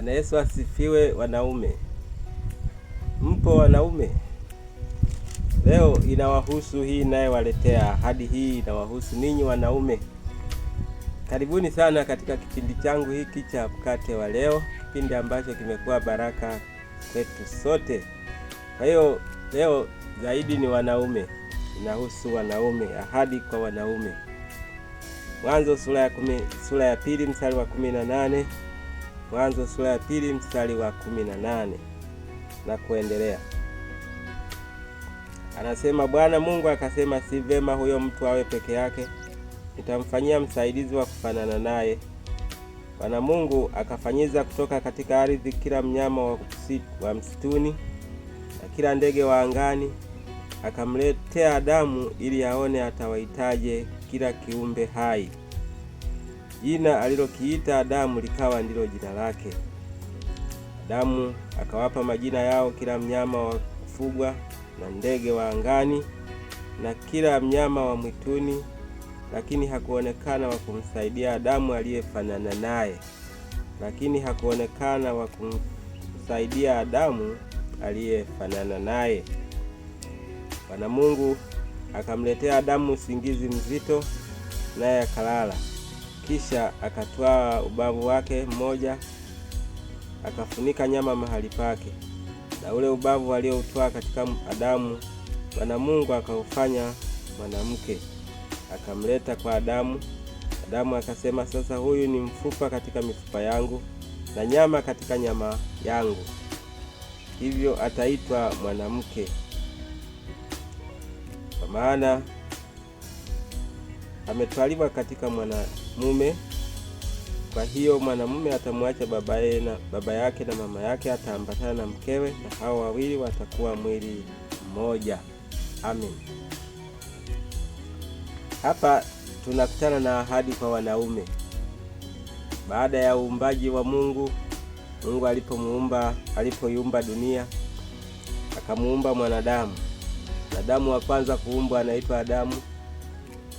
Bwana Yesu asifiwe. Wanaume, mpo wanaume? Leo inawahusu hii inayewaletea ahadi hii, inawahusu ninyi wanaume. Karibuni sana katika kipindi changu hiki cha mkate wa leo, kipindi ambacho kimekuwa baraka kwetu sote. Kwa hiyo leo zaidi ni wanaume, inahusu wanaume, ahadi kwa wanaume. Mwanzo sura ya kumi, sura ya pili mstari wa kumi na nane Mwanzo sura ya pili mstari wa kumi na nane na kuendelea. Anasema, Bwana Mungu akasema, si vema huyo mtu awe peke yake, nitamfanyia msaidizi wa kufanana naye. Bwana Mungu akafanyiza kutoka katika ardhi kila mnyama wa, msitu, wa msituni na kila ndege wa angani, akamletea Adamu ili aone atawahitaje kila kiumbe hai. Jina alilokiita Adamu likawa ndilo jina lake. Adamu akawapa majina yao kila mnyama wa kufugwa na ndege wa angani na kila mnyama wa mwituni, lakini hakuonekana wa kumsaidia Adamu aliyefanana naye, lakini hakuonekana wa kumsaidia Adamu aliyefanana naye. Bwana Mungu akamletea Adamu usingizi mzito, naye akalala. Kisha akatwaa ubavu wake mmoja akafunika nyama mahali pake, na ule ubavu alioutwaa katika Adamu, Bwana Mungu akaufanya mwanamke akamleta kwa Adamu. Adamu akasema, sasa huyu ni mfupa katika mifupa yangu na nyama katika nyama yangu, hivyo ataitwa mwanamke, kwa maana ametwaliwa katika mwana mume. Kwa hiyo mwanamume atamwacha babaye na baba yake na mama yake, ataambatana na mkewe, na hao wawili watakuwa mwili mmoja. Amen. Hapa tunakutana na ahadi kwa wanaume. Baada ya uumbaji wa Mungu, Mungu alipomuumba, alipoiumba dunia, akamuumba mwanadamu. Mwanadamu wa kwanza kuumbwa anaitwa Adamu.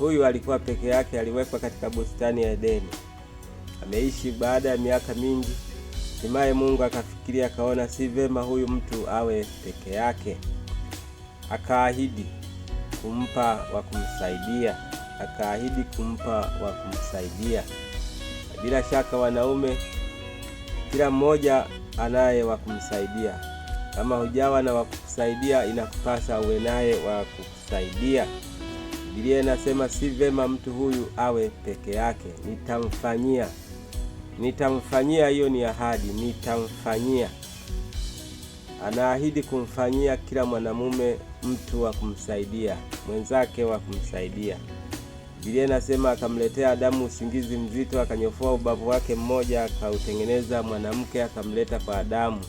Huyu alikuwa peke yake, aliwekwa katika bustani ya Edeni. Ameishi baada ya miaka mingi. Hatimaye Mungu akafikiria, akaona si vema huyu mtu awe peke yake, akaahidi kumpa wa kumsaidia, akaahidi kumpa wa kumsaidia. Bila shaka wanaume, kila mmoja anaye wa kumsaidia. Kama hujawa na wa kukusaidia, inakupasa uwe naye wa kukusaidia. Biblia inasema si vema mtu huyu awe peke yake, nitamfanyia nitamfanyia. Hiyo ni ahadi, nitamfanyia. Anaahidi kumfanyia kila mwanamume mtu wa kumsaidia mwenzake wa kumsaidia. Biblia inasema akamletea Adamu usingizi mzito, akanyofoa ubavu wake mmoja, akautengeneza mwanamke, akamleta kwa Adamu.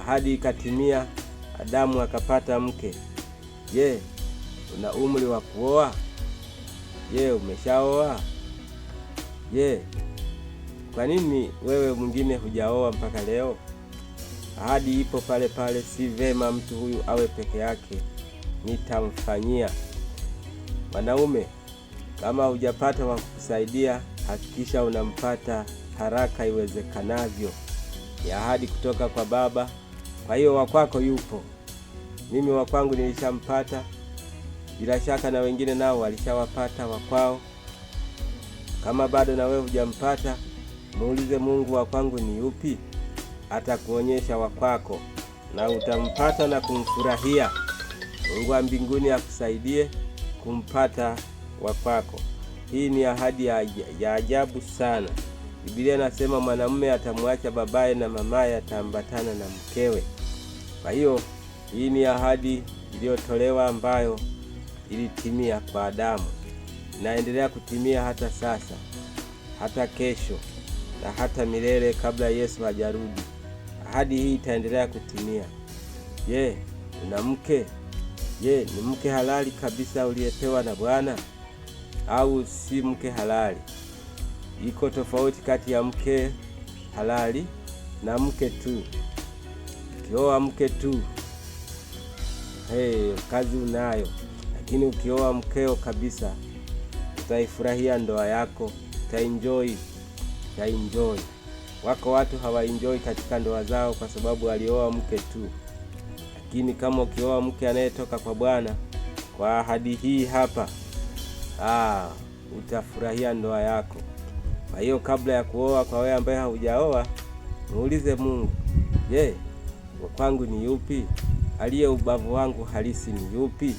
Ahadi ikatimia, Adamu akapata mke. Je, una umri wa kuoa? Je, umeshaoa? Je, kwa nini wewe mwingine hujaoa mpaka leo? Ahadi ipo pale pale, si vema mtu huyu awe peke yake, nitamfanyia. Mwanaume, kama hujapata wa kukusaidia, hakikisha unampata haraka iwezekanavyo. Ni ahadi kutoka kwa baba. Kwa hiyo wakwako yupo, mimi wakwangu nilishampata. Bila shaka na wengine nao walishawapata wakwao. Kama bado na wewe hujampata, muulize Mungu wa kwangu ni yupi? Atakuonyesha wa kwako, na utampata na kumfurahia. Mungu wa mbinguni akusaidie kumpata wa kwako. Hii ni ahadi ya, ya ajabu sana. Biblia inasema mwanamume atamwacha babaye na mamaye, ataambatana na mkewe. Kwa hiyo hii ni ahadi iliyotolewa ambayo ilitimia kwa Adamu, inaendelea kutimia hata sasa, hata kesho na hata milele kabla Yesu hajarudi. Ahadi hii itaendelea kutimia. Je, una mke? Je, ni mke halali kabisa uliyepewa na Bwana au si mke halali? Iko tofauti kati ya mke halali na mke tu. Ukioa mke tu, hey, kazi unayo lakini ukioa mkeo kabisa, utaifurahia ndoa yako, utaenjoi, utaenjoi. Wako watu hawaenjoi katika ndoa zao kwa sababu alioa mke tu, lakini kama ukioa mke anayetoka kwa Bwana kwa ahadi hii hapa, ah, utafurahia ndoa yako. Kwa hiyo kabla ya kuoa, kwa wewe ambaye haujaoa, muulize Mungu, je, kwangu ni yupi aliye ubavu wangu halisi ni yupi?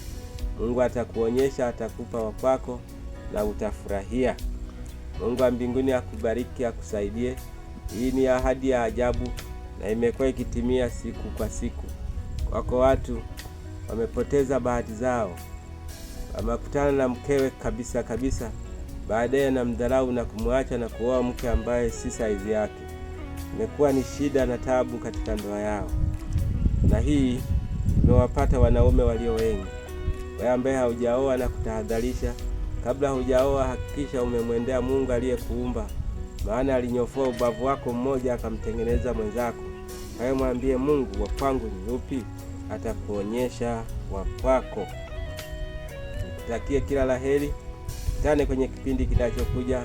Mungu atakuonyesha, atakupa wakwako na utafurahia. Mungu wa mbinguni akubariki, akusaidie. Hii ni ahadi ya ajabu na imekuwa ikitimia siku kwa siku. Wako watu wamepoteza bahati zao, wamekutana na mkewe kabisa kabisa, baadaye mdharau na kumwacha na kuoa mke ambaye si saizi yake. Imekuwa ni shida na taabu katika ndoa yao, na hii imewapata wanaume walio wengi wewe ambaye haujaoa na kutahadharisha kabla hujaoa, hakikisha umemwendea Mungu aliyekuumba, maana alinyofoa ubavu wako mmoja akamtengeneza mwenzako. Wewe mwambie Mungu, wa kwangu ni upi? Atakuonyesha wa kwako. Nikutakie kila la heri, kwenye kipindi kinachokuja.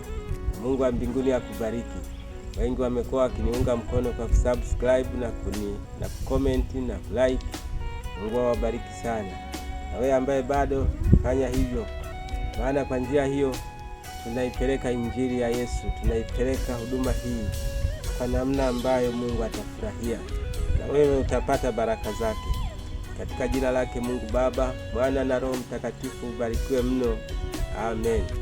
Mungu wa mbinguni akubariki. Wengi wamekuwa wakiniunga mkono kwa kusubscribe na kuni na kukomenti na kulike. Mungu awabariki sana na wewe ambaye bado, fanya hivyo, maana kwa njia hiyo tunaipeleka injili ya Yesu, tunaipeleka huduma hii kwa namna ambayo Mungu atafurahia na wewe utapata baraka zake. Katika jina lake Mungu Baba, Mwana na Roho Mtakatifu, ubarikiwe mno. Amen.